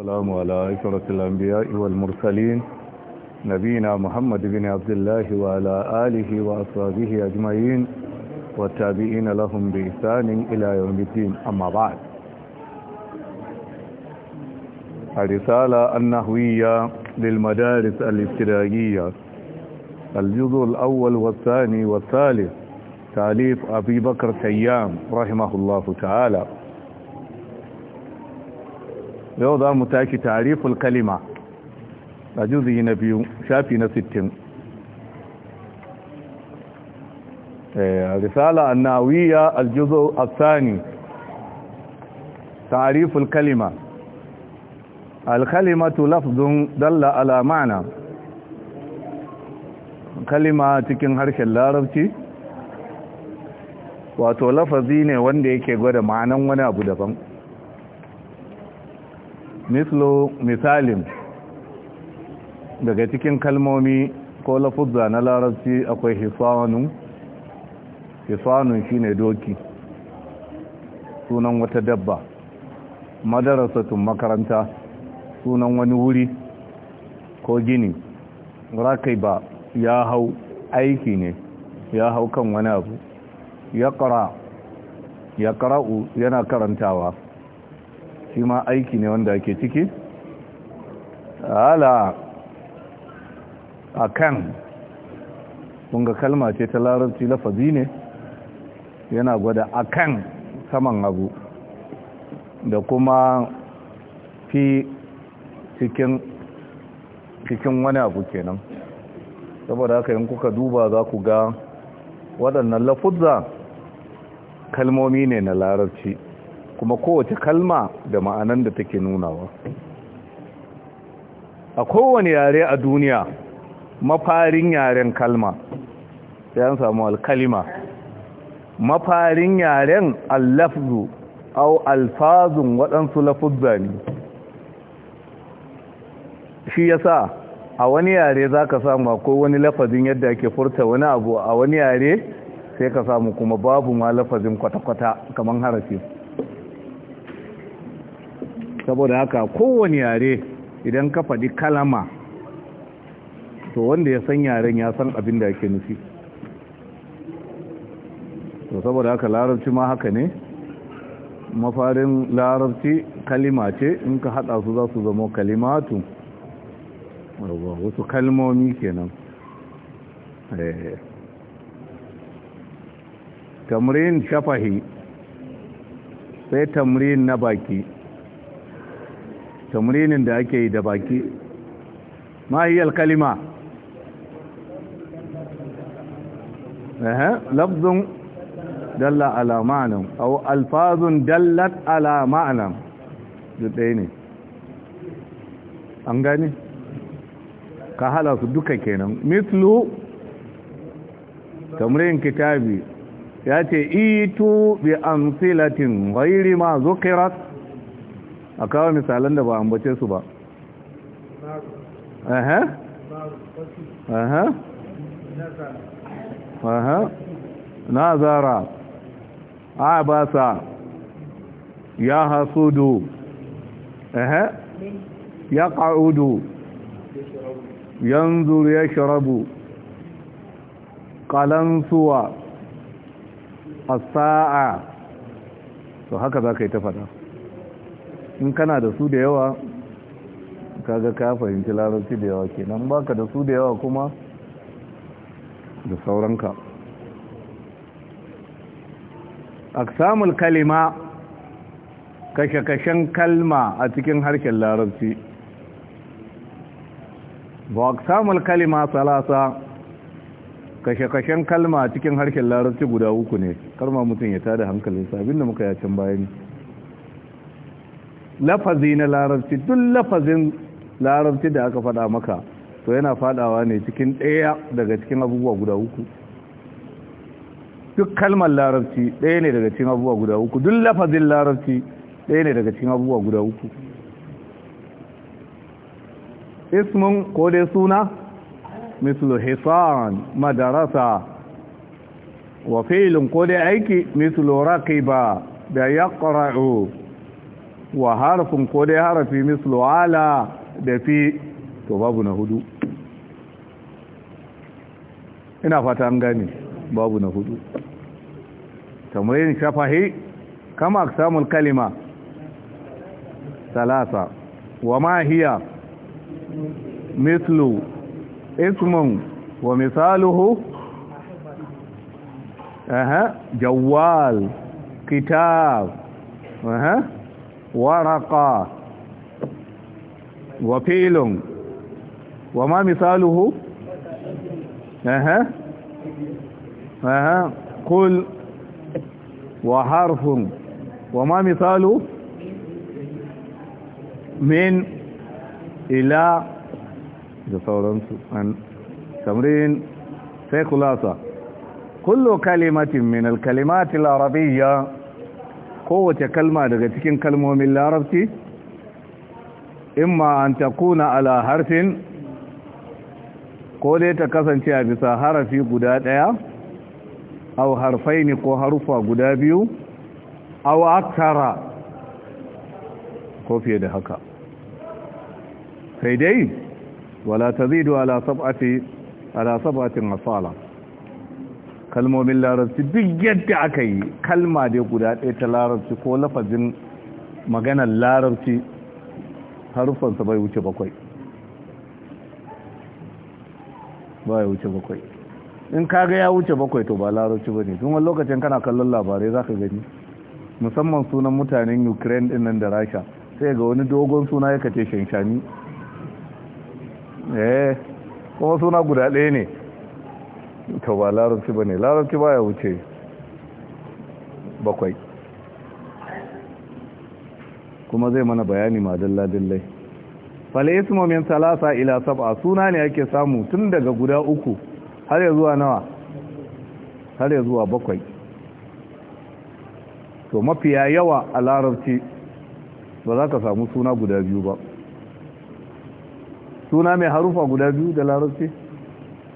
والسلام على إكرة الأنبياء والمرسلين نبينا محمد بن عبد الله وعلى آله وأصحابه أجمعين والتابعين لهم بإحسان إلى يوم الدين أما بعد الرسالة النحوية للمدارس الابتدائية الجزء الأول والثاني والثالث تاليف أبي بكر سيام رحمه الله تعالى yau za mu tashi tariful kalima a juzi na biyu shafi na sittin. A eh, risala annawiya aljuzo sani, tariful kalima al-kalima tu lafzun dalla ala ma'ana kalima cikin harshen larabci wato lafazi ne wanda yake gwada ma'anan wani abu daban mislo misalin daga cikin kalmomi ko lafuzza na larabci akwai hisanun hisanun shine doki sunan wata dabba madarasatun makaranta sunan wani wuri ko gini rakai ba ya hau aiki ne ya hau kan wani abu ya ƙara ya ƙara'u yana karantawa shi ma aiki ne wanda ake ciki ala a kan ƙunga kalma ce ta larabci lafazi ne yana gwada a kan saman abu da kuma fi cikin cikin wani abu kenan saboda haka yin kuka duba za ku ga waɗannan lafuzza kalmomi ne na larabci kuma kowace kalma da ma'anan da take nunawa a kowane yare a duniya mafarin yaren kalma sai an samu alkalima mafarin yaren allafzu au alfazun waɗansu lafuzza ne shi ya sa a wani yare za ka samu ko wani lafazin yadda ake furta wani abu a wani yare sai ka samu kuma babu ma lafazin kwata-kwata kamar harafin. saboda haka kowane yare idan ka faɗi kalama to wanda ya san yaren ya san abin da ake nufi to saboda haka larabci ma haka ne mafarin larabci kalima ce in ka haɗa su za su zama kalimatu wasu kalmomi kenan eh. tamrin shafahi sai tamrin na baki tamrinin da ake yi da baki mahiyar kalima lafzun dalla ala ma'anan au alfazun dallat ala ma'anan duk ɗaya ne an gani ka hala su duka kenan mislu tamrin kitabi ya ce itu bi amsilatin gairi ma zukirat a kawo misalan da ba ambace su ba aha aha aha nazara abasa ya hasudu aha ya qa'udu ya sharabu qalansuwa a saa to haka zaka yi ta fada in kana da su da yawa kaga ka fahimci larabci da yawa kenan baka da su da yawa kuma da sauranka aksamul kalima kashe-kashen kalma a cikin harshen larabci ba aksamul kalima salasa kashe-kashen kalma a cikin harshen larabci guda uku ne karma mutum ya tada hankalinsa abinda muka yacin bayani lafazi na larabci duk lafazin larabci da aka faɗa maka to yana faɗawa ne cikin ɗaya daga cikin abubuwa guda uku duk kalmar larabci ɗaya ne daga cikin abubuwa guda uku duk lafazin larabci ɗaya ne daga cikin abubuwa guda uku ismin ko dai suna mislu hisan madarasa wa filin ko dai aiki mislu raqiba da yaqra'u wa harafin ko dai harafi mislu ala da fi to babu na hudu ina fata an gane babu na hudu tamrin shafahi kama aksamul kalima salasa wa ma hiya mislu ismun wa misaluhu aha jawwal kitab aha ورقا وفيل وما مثاله اها اها قل وحرف وما مثاله من إلى تمرين في خلاصة كل كلمة من الكلمات العربية kowace kalma daga cikin kalmomin larabci ma an takuna ala harfin ko dai ta kasance a bisa harafi guda ɗaya au harfai ne ko harufa guda biyu au akara ko fiye da haka sai dai wala ta zidu ala sab'atin asala kalmomin larabci duk yadda aka yi kalma dai guda ɗaya ta larabci ko lafazin maganar larabci harufansa bai wuce bakwai bai wuce bakwai in kaga ya wuce bakwai to ba larabci ba ne tun wani lokacin kana kallon labarai za ka gani musamman sunan mutanen ukraine din nan da rasha sai ga wani dogon suna ya kace shanshani eh kuma suna guda ɗaya ne to ba larabci ba ne larabci ba ya wuce bakwai kuma zai mana bayani ma dillai fale ismu momin salasa ila sab'a suna ne ake samu tun daga guda uku har ya zuwa nawa har ya zuwa bakwai to mafiya yawa a larabci ba za ka samu suna guda biyu ba suna mai harufa guda biyu da larabci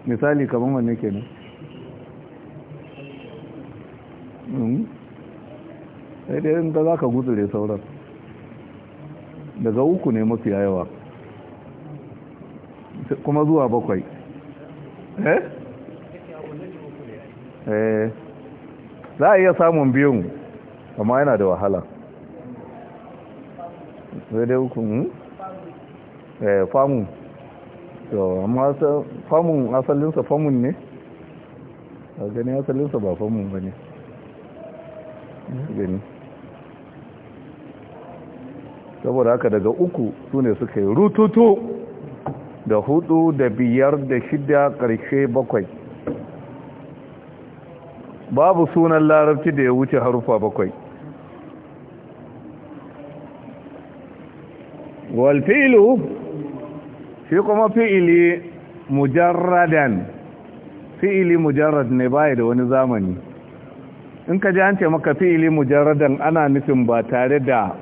misali kamar wanne ne hmm? sai dai in za ka gudure sauran daga uku ne mafi yawa kuma zuwa bakwai eh eh za a iya samun biyun amma yana da wahala sai dai uku hmm? eh famu to amma famun asalinsa famun ne a gani asalinsa ba famun ba ne gani saboda haka daga uku su ne suka yi rututu da hudu da biyar da shida karshe bakwai babu sunan larabci da ya wuce harufa bakwai walfilu shi kuma fi'ili mujarradan fi'ili mujarrad ne baya da wani zamani in ka ji an ce maka fi'ili mujarradan ana nufin ba tare da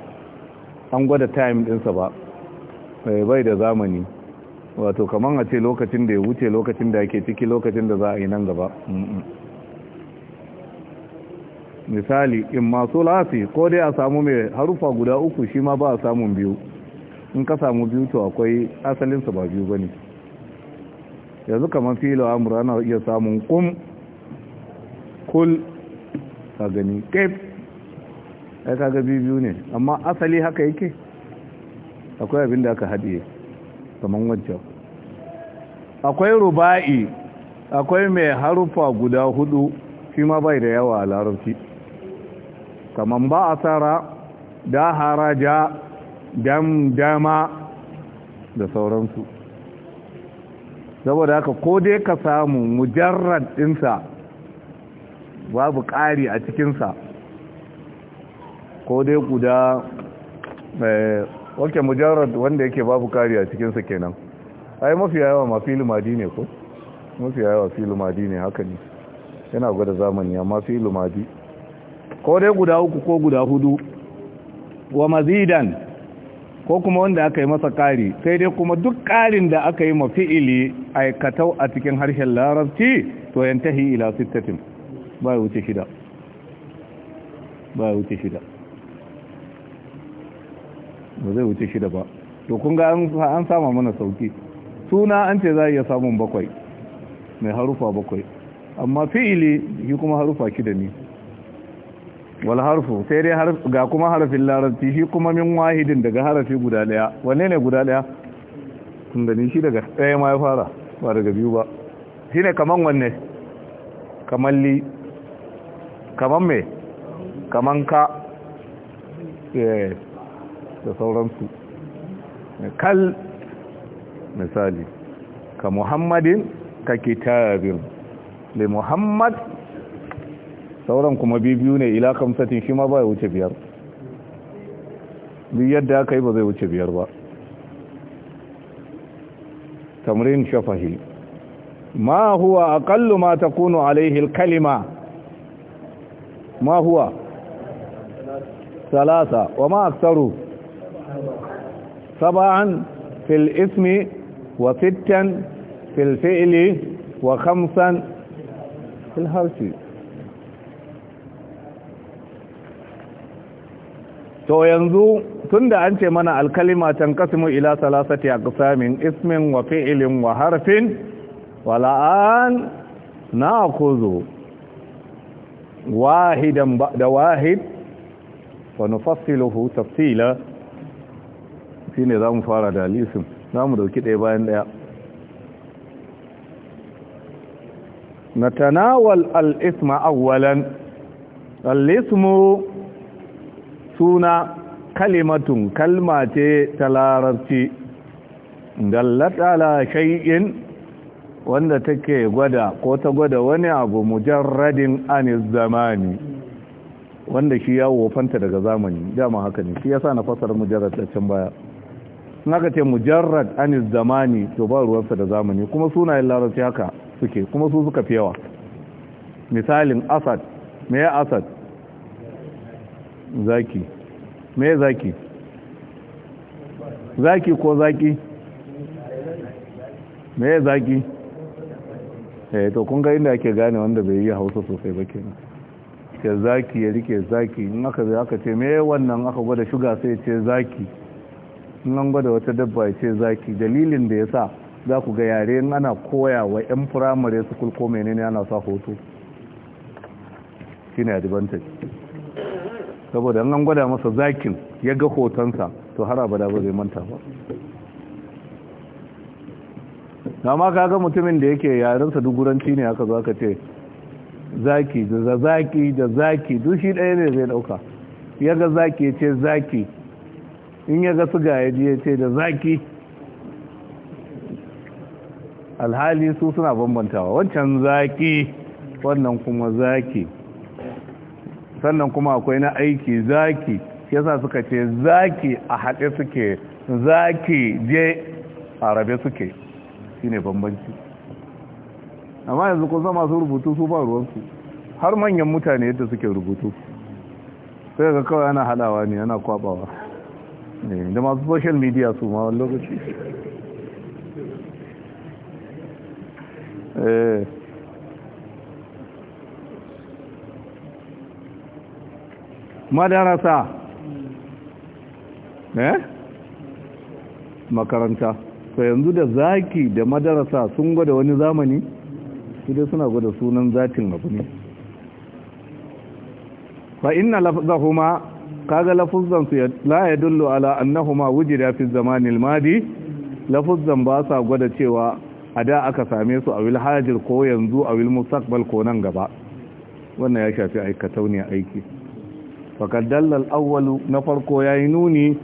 an gwada time ɗinsa ba bai da zamani wato kamar a ce lokacin da ya wuce lokacin da ake ciki lokacin da za a yi nan gaba misali in masu lati ko dai a samu mai harufa guda uku shi ma ba a samun biyu in ka samu biyu to akwai asalinsa ba biyu ba ne yanzu kamar filo amur ana iya samun kum kul ka gani kef ya kaga biyu ne amma asali haka yake akwai abin da aka haɗiye kamar wancan akwai ruba'i akwai mai harufa guda hudu shi ma bai da yawa a larabci kamar ba a tsara da haraja dam dama da sauransu saboda haka ko dai ka samu mujarrad ɗinsa babu ƙari a cikinsa ko dai guda wake eh, mujarrad wanda yake babu ƙari a cikinsa kenan ai mafi yawa ma fili madi ne ko mafi yawa fili madi ne haka ne yana gwada zamani amma fili madi ko dai guda uku ko guda hudu wa mazidan ko kuma wanda aka yi masa ƙari sai dai kuma duk ƙarin da aka yi mafi'ili aikatau a cikin harshen larabci to yantahi ila sittatin ba wuce shida ba wuce shida ba zai wuce shida ba to kun ga an sama mana sauki suna an ce za a iya samun bakwai mai harufa bakwai amma fi'ili shi kuma harufa shida ne wal harfu sai dai ga kuma harafin larabci shi kuma min wahidin daga harafi guda daya wanne ne guda daya da ni shi daga daya ma ya fara ba daga biyu ba shine kaman wanne kaman li kaman me kaman ka eh da sauransu kal misali ka muhammadin ka kitabin li muhammad sauran kuma biyu ne ila kamsatin shi ma ba ya wuce biyar duk yadda aka yi ba zai wuce biyar ba tamrin shafahi ma huwa aqallu ma takunu alaihi alkalima ma huwa aktharu sab'an fil ismi wa sittan fil fi'li wa khamsan fil harfi to yanzu tun da an ce mana alkalima kasimu ila salasati a kusamin ismin wa fi'lin wa harfin wala'an na'khudhu wahidan da wahid wa nufassiluhu tafsila za mu fara da Za mu dauki ɗaya bayan ɗaya Na al-isma awwalan al-ismu suna kalimatun kalma ce ta larabci dallata ala shay'in wanda take gwada ko ta gwada wani abu mujarradin anis zamani wanda shi ya wofanta daga zamani dama haka ne shi yasa na fasar mujarrad da can baya suna ka ce mujarrad anis zamani to ba ruwansa da zamani kuma sunayen larabci haka suke kuma su suka fi yawa misalin asad me ya asad zaki me zaki zaki ko zaki me zaki eh to kun ga inda ake gane wanda bai yi hausa sosai ba kenan ke zaki ya rike zaki in aka zai aka ce me wannan aka gwada shuga sai ce zaki in an gwada wata dabba ce zaki dalilin da ya sa za ku ga yare in ana koya wa 'yan firamare su kulko menene ana sa hoto shi advantage saboda an gwada masa zakin ya ga hotonsa to har abada ba zai manta ba amma ga mutumin da yake yarinsa duguranci ne aka zo aka ce zaki da zaki da zaki duk shi ɗaya ne zai ɗauka ya ga zaki ce zaki in ya ga suga ya ji ya ce da zaki alhali su suna bambantawa wancan zaki wannan kuma zaki sannan kuma akwai na aiki zaki yasa suka ce zaki a haɗe suke zaki je a rabe suke shine bambanci amma yanzu kusa masu rubutu su ba ruwansu har manyan mutane yadda suke rubutu sai ga kawai ana halawa ne ana kwabawa eh, da masu social media su ma wani lokaci eh. madarasa eh makaranta to yanzu da zaki da madarasa sun gwada wani zamani su dai suna gwada sunan zatin abu ne fa inna lafzahuma kaga lafzan su la yadullu ala annahuma wujida fi zamanil madi lafzan ba sa gwada cewa a da aka same su a wil hajir ko yanzu a wil mustaqbal ko nan gaba wannan ya shafi aikatauniyar aiki faƙar dallal awwalu na farko ya yi nuni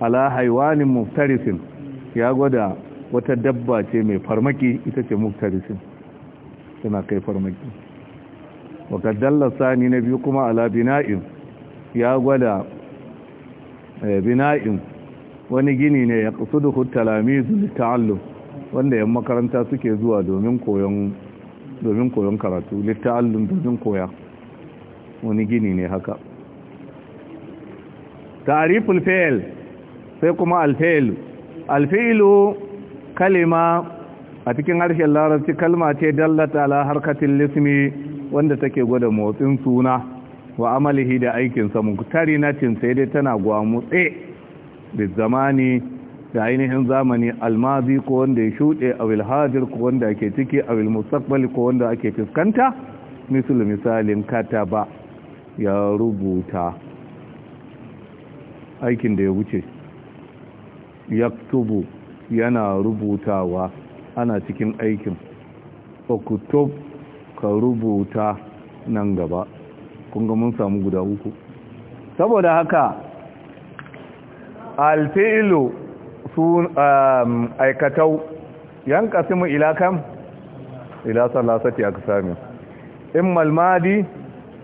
ala haiwanin muftarisin ya gwada wata dabba ce mai farmaki ita ce muftarisin suna kai farmaki faƙar sani na biyu kuma ala bina'in ya gwada bina'in wani gini ne ya ƙasu da hutalami zulita'allum wanda yan makaranta suke zuwa domin koyon karatu litta'allum domin koya wani gini ne haka ta'riful fi'l sai kuma al-fi'l kalima a cikin harshen larabci kalma ce dallata ala harkatin lismi wanda take gwada motsin suna wa amalihi da aikin sa muktari na sai dai tana gwamutse da zamani da ainihin zamani almazi ko wanda ya shuɗe a wilhajir ko wanda ake ciki a wilmustaqbal ko wanda ake fuskanta misal misalin kataba ya rubuta aikin da ya wuce Yak-Tubu yana rubutawa ana cikin aikin okutub ka rubuta nan gaba kunga mun samu guda uku saboda haka alfi'ilu sun um, aikatau yan kasimu ila kam ila aka sami immal madi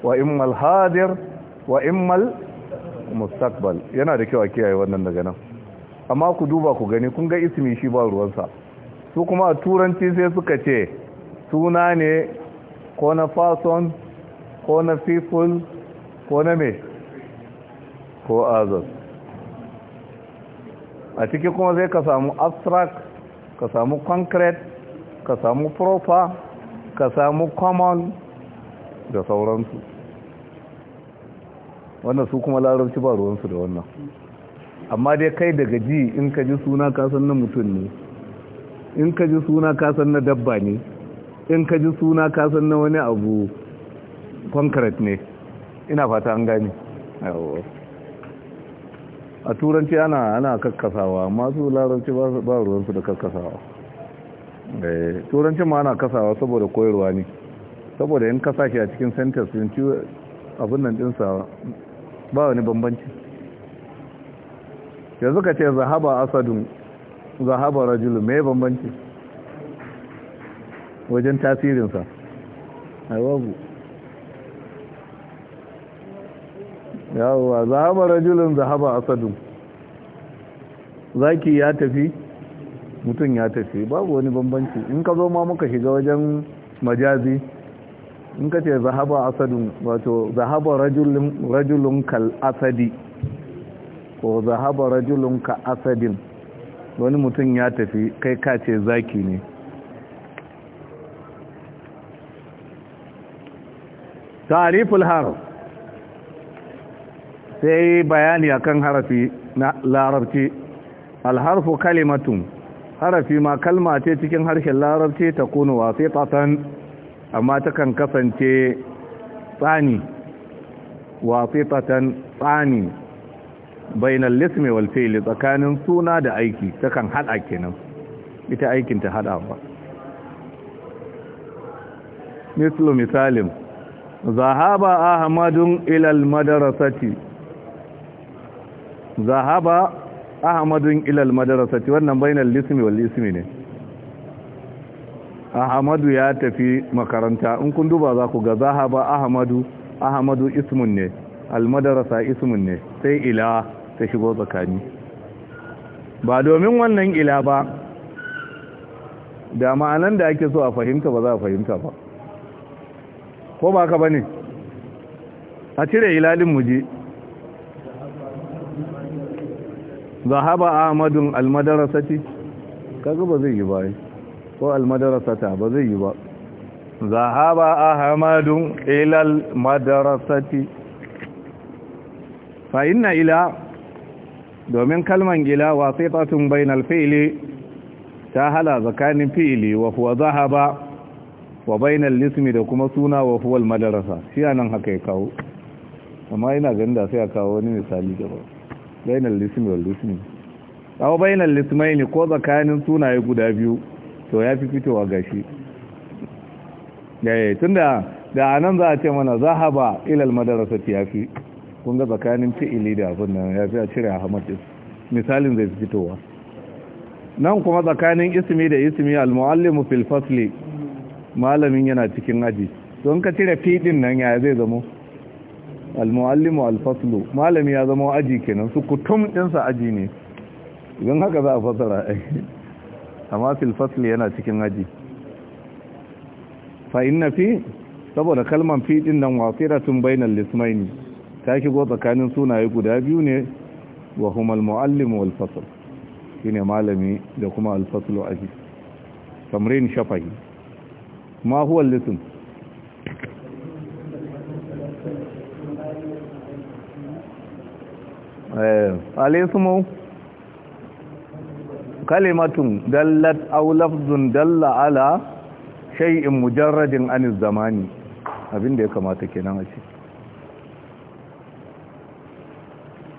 wa immal hadir wa immal mustaqbal yana da kyau a kiyaye wannan daga nan amma ku duba ku gani kun ga ismi shi ba ruwansa su kuma a turanci sai suka ce suna ne ko na fason ko na people ko na me ko azaz a cikin kuma zai ka samu abstract ka samu concrete ka samu proper ka samu common da sauransu wannan su kuma larabci ba ruwansu da wannan amma dai kai daga ji in ka ji suna kasan na mutum ne in ka ji suna kasan na dabba ne in ka ji suna kasan na wani abu concrete ne ina fata an gani a turanci ana ana kakkasawa masu larabci ba ruwansu da kakkasawa eh, turancin ma ana kasawa saboda koyarwa ne saboda in kasashe a cikin sentence abin nan dinsa ba wani bambanci yanzu ka ce zahaba asadun zahaba rajulu mai bambanci wajen tasirinsa a babu yawwa zahaba rajulun zahaba asadun zaki ya tafi mutum ya tafi babu wani bambanci in ka zo ma muka shiga wajen majazi in ka ce zahaba asadun wato zahaba rajulun kal asadi ko zahaba rajulun ka asadin wani mutum ya tafi kai ka ce zaki ne tariful har sai bayani akan harafi na larabci alharfu kalimatun harafi ma kalma ce cikin harshen larabci ta kunu wasitatan amma takan kasance tsani wasitatan tsani bainal lismi wal fi'li tsakanin suna da aiki takan hada kenan ita aikin ta ba mislu misalim zahaba ahmadun ila al madrasati zahaba ahmadun ila al madrasati wannan bainal lismi wal ismi ne ahmadu ya tafi makaranta in kun duba za ku ga zahaba ahmadu ahmadu ismun ne almadarasa ismun ne sai ila ta shigo tsakani ba domin wannan ila ba da ma'anan da ake so a fahimta ba za a fahimta ba ko ba ka bane a cire ilalin muje zahaba almadarasa ce kaga ba zai yi bayan ko almadarasata ba zai yi ba zahaba ahmadun ilal madarasati fa inna ila domin kalman gila wasitatun bainal fi'li ta hala zakanin fi'li wa huwa zahaba wa bainal ismi da kuma suna wa huwa almadarasa shi anan haka ya kawo amma ina ganin da sai ya kawo wani misali gaba bainal ismi wal ismi aw bainal ismaini ko zakanin sunaye guda biyu to ya fi fitowa gashi yayi eh, tun da nan za a ce mana zahaba ilal madarasa ya fi kun ga tsakanin fi'ili da abin nan ya fi a cire ahmad misalin zai fi fitowa nan kuma tsakanin ismi da ismi al-muallimu fil fasli malamin yana cikin aji don ka cire fiɗin nan ya zai zamo? al-muallimu al-faslu malami ya zama aji kenan su kutum ɗinsa aji ne idan haka za a fasara eh. amma fil fasli yana cikin aji fa inna fi saboda kalman fi din nan wasiratun bainal lismaini ta shigo tsakanin sunaye guda biyu ne wa humal muallim wal fasl shine malami da kuma al faslu aji tamrin shafahi ma huwa al lism eh al kalimatun dallat aw lafzun dalla ala shay'in mujarradin an zamani abinda ya kamata kenan a ce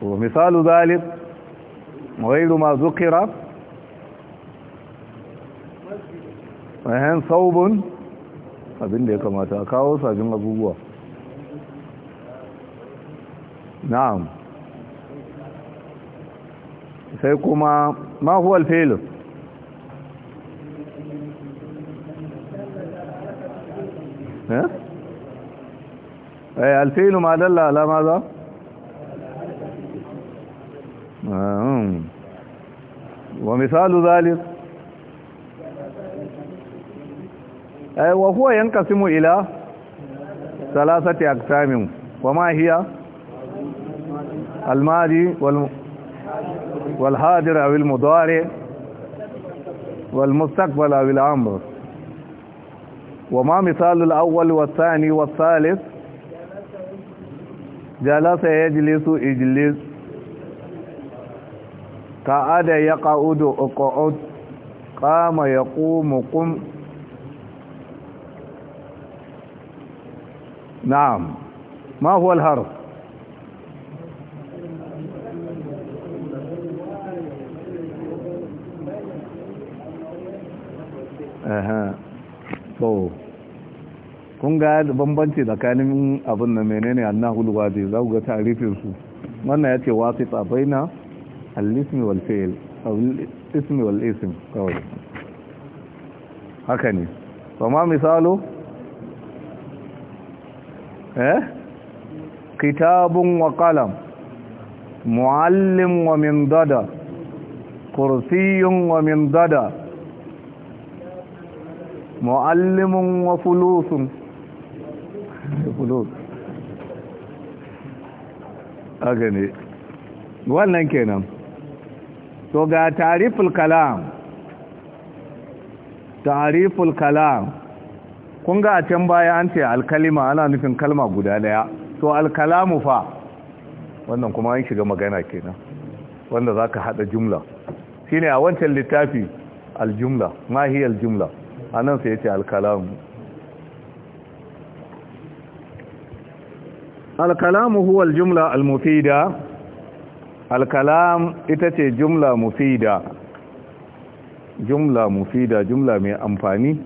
wa misalu zalik ghayru ma zukira han saubun abinda ya kamata a kawo sabin abubuwa na'am sai kuma ما هو الفعل ها إيه، الفعل ما دل على ماذا نعم. ومثال ذلك إيه، وهو ينقسم إلى ثلاثة أقسام وما هي الماضي والم... والحاضر أو المضارع والمستقبل أو الأمر وما مثال الأول والثاني والثالث جلس يجلس اجلس قعد يقعد اقعد قام يقوم قم نعم ما هو الحرف kawo kun ga bambanci tsakanin abin da menene annahul waje za ku ga tarifin su wannan ya ce wasu tsafai na al-ismi wal fi'il al-ismi wal ism kawai haka ne kuma misalo eh kitabun wa qalam muallim wa min dada kursiyun wa min dada mu'allimun wa fulusun fulus haka ne wannan kenan to ga tariful kalam tariful kalam kun ga can baya an ce alkalima ana nufin kalma guda daya to alkalamu fa wannan kuma an shiga magana kenan wanda zaka hada jumla shine a wancan littafi aljumla ma hiya aljumla a nan sai ya ce alkalamu alkalamu jumla aljumla almufida alkalam ita ce jumla mufida jumla mufida jumla mai amfani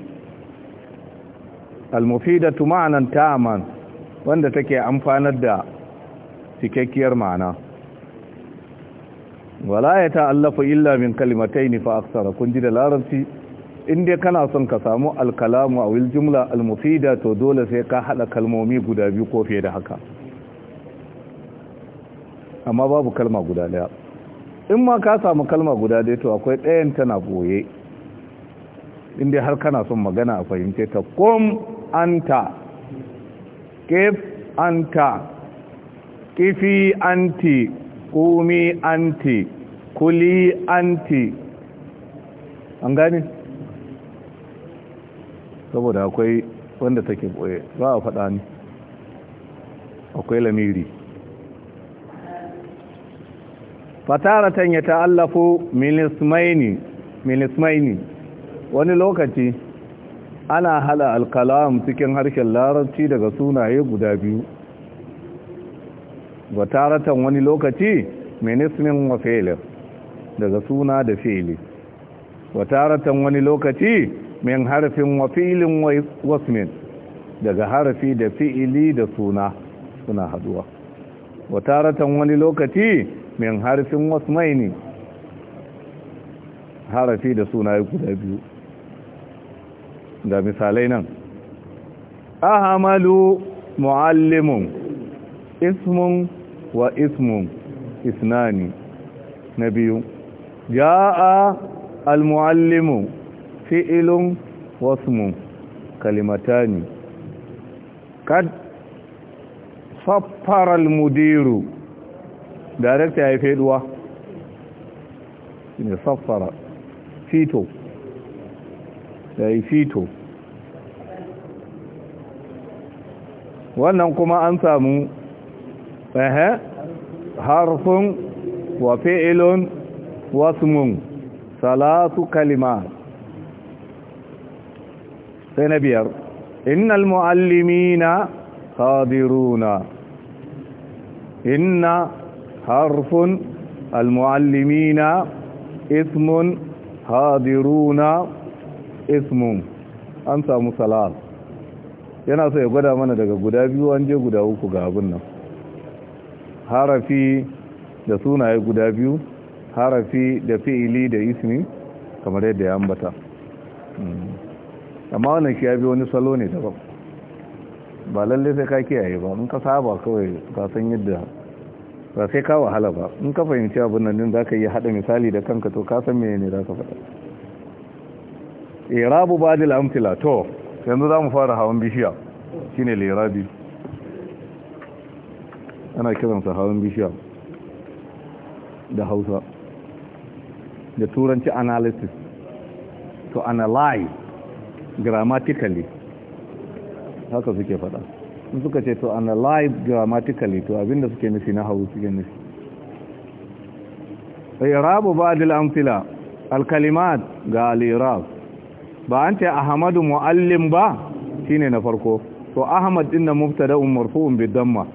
almufida tu ma'anan ta'aman wanda take amfanar da cikakkiyar ma'ana wala ya ta'allafa illa min kalimataini fa aksara kun ji da larabci Inda kana son ka samu alkalamu a wil jumla almufida to dole sai ka hada kalmomi guda biyu ko fiye da haka amma babu kalma guda daya in ma ka samu kalma guda daya to akwai ɗayan tana boye in dai har kana son magana a fahimce ta kom anta kif anta kifi anti kumi anti kuli anti an gani? saboda akwai wanda take boye ba a faɗa ne akwai lamiri fataratan ya ta'allafu milismaini milismaini wani lokaci ana hala alkalam cikin harshen larabci daga sunaye guda biyu taratan wani lokaci minismin wa daga suna da fele taratan wani lokaci min harfin wa fi'ilin wasmin daga harfi da fi'ili da suna suna haduwa wa taratan wani lokaci min harfin wasmaini harafi da suna guda biyu ga misalai nan ahamalu muallimun ismun wa ismun isnani na biyu ja'a al-muallimu fi'ilun wasmun kalimatani kad saffara almudiru director ya yi feduwa ne saffara fito ya yi fito wannan kuma an samu ehe harfin wa fi'ilun wasmun salatu kalimat sai na biyar innal muallimina qadiruna inna harfun almuallimina ismun hadiruna ismun an samu salat yana so ya gwada mana daga guda biyu an je guda uku ga abin nan harafi da sunaye guda biyu harafi da fi'ili da ismi kamar yadda ya ambata hmm. amma wannan ki ya bi wani salo ne daban ba lalle sai ka kiyaye ba in ka saba kawai ka san yadda ba sai ka wahala ba in ka fahimci abin nan din zaka iya hada misali da kanka to ka san ne zaka faɗa irabu badil amtila to yanzu za mu fara hawan bishiya shine lirabi ana kiransa hawan bishiya da hausa da turanci analysis to analyze grammatically haka suke faɗa sun suka ce to analyze grammatically to abinda suke nufi na hau suke nufi irabu ba'dil amthila alkalimat ga al-irab ba an ce ahmadu muallim ba shine na farko to ahmad din na um marfu'un bi damma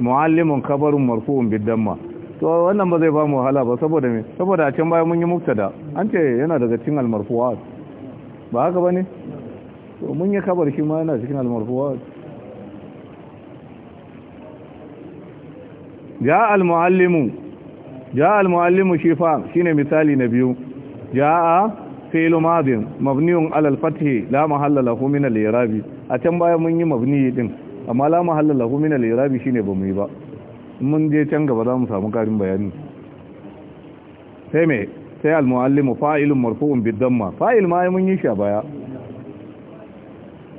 muallimun khabarun marfu'un bi damma to wannan ba zai ba mu wahala ba saboda me saboda a can baya mun yi mubtada an ce yana daga cikin al-marfu'at ba haka ba ne to mun yi kabar shi ma yana cikin almarfuwa ja almuallimu ja almuallimu shi fa shine misali na biyu jaa a madin mabniun mabniyun al la mahallala lahu min al a can baya mun yi mabni din amma la mahalla lahu min shi ne shine bamu yi ba mun je can gaba za mu samu karin bayani sai sai al-muallimu fa'ilun marfu'un bid-damma fa'il ma mun yi shi a baya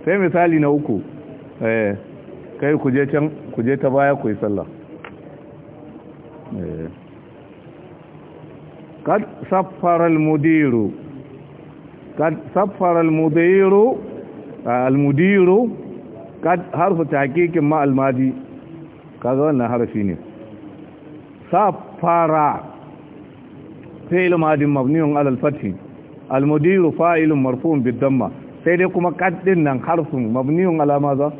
sai misali na uku eh kai kuje can kuje ta baya ku yi sallah eh kad saffara al-mudiru kad saffara al-mudiru eh, al-mudiru kad harfu tahqiqin ma al-madi kaga wannan harfi ne safara. fi'il madin mabniun alal fathi al mudiru fa'ilun marfu'un bid damma sai dai kuma qad din nan harfun mabniun ala maza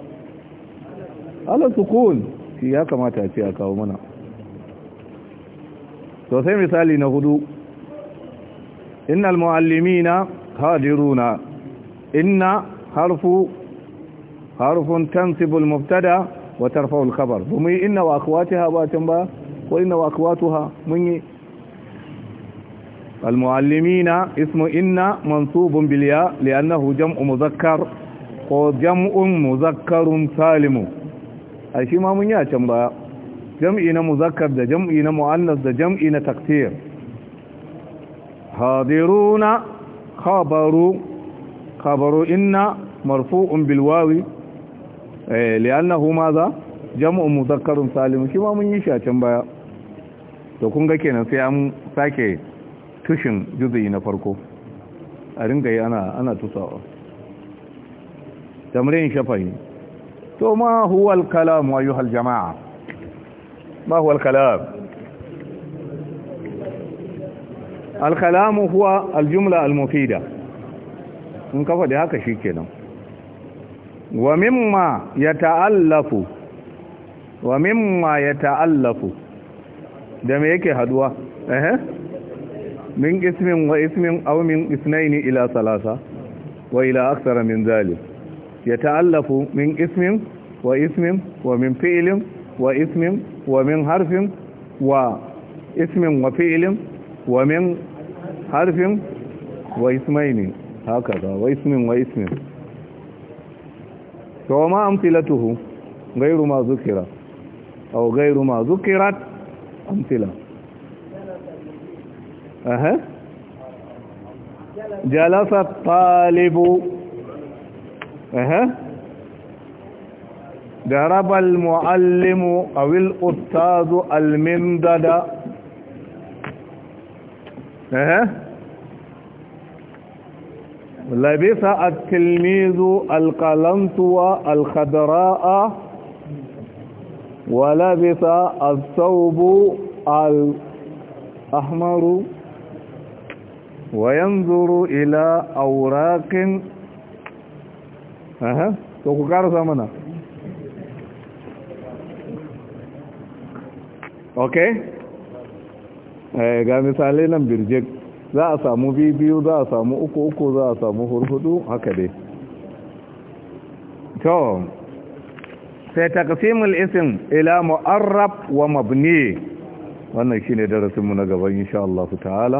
ala sukun shi ya kamata a ce a kawo mana to sai misali na hudu innal muallimina hadiruna inna harfu harfun tansibul mubtada wa tarfa'ul khabar bumi inna wa akhwatiha ba tan ba wa inna wa akhwatuha mun yi المعلمين اسم إن منصوب بالياء لأنه جمع مذكر وجمع مذكر سالم أشي ما من يأتم بها جمعنا مذكر ده جمعنا مؤنث ده جمعنا تكثير حاضرون خبروا خبروا إن مرفوع بالواو لأنه ماذا جمع مذكر سالم شي ما من يشأتم بها to kun ga kenan sai an sake tushin juzuyi na farko a ringa yi ana tusawa tamrin shafayi to ma huwal al-kalam wa yuhal jama'a ma huwal al-kalam al huwa aljumla jumla al-mufida in kafa da haka shi shikenan wa mimma yata'allafu wa mimma yata'allafu da me yake haduwa eh من اسم واسم أو من اثنين إلى ثلاثة وإلى أكثر من ذلك يتألف من اسم واسم ومن فعل واسم ومن حرف واسم وفعل ومن حرف واسمين هكذا واسم واسم فما أمثلته غير ما ذكر أو غير ما ذكرت أمثلة aha jalasa talibu aha ضرب المعلم او الاستاذ الممدد اها لبس التلميذ القلمطوى الخضراء ولبس الثوب الأحمر وينظر إلى أوراق أها وكارو سامنا أوكي ga misalai nan birjik za a samu بيو za a samu uku uku za a samu hurhudu haka dai to sai taqsimul ila mu'arrab wa mabni wannan shine darasin mu na gaban insha Allah ta'ala